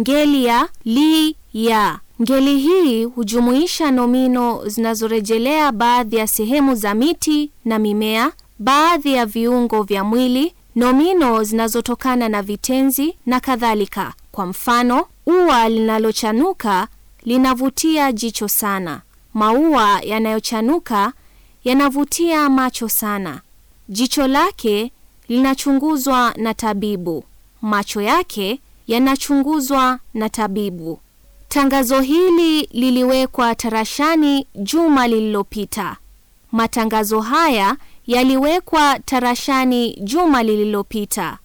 ngeli ya li ya. Ngeli hii hujumuisha nomino zinazorejelea baadhi ya sehemu za miti na mimea, baadhi ya viungo vya mwili, nomino zinazotokana na vitenzi na kadhalika. Kwa mfano, ua linalochanuka linavutia jicho sana. Maua yanayochanuka yanavutia macho sana. Jicho lake linachunguzwa na tabibu. Macho yake yanachunguzwa na tabibu. Tangazo hili liliwekwa tarashani juma lililopita. Matangazo haya yaliwekwa tarashani juma lililopita.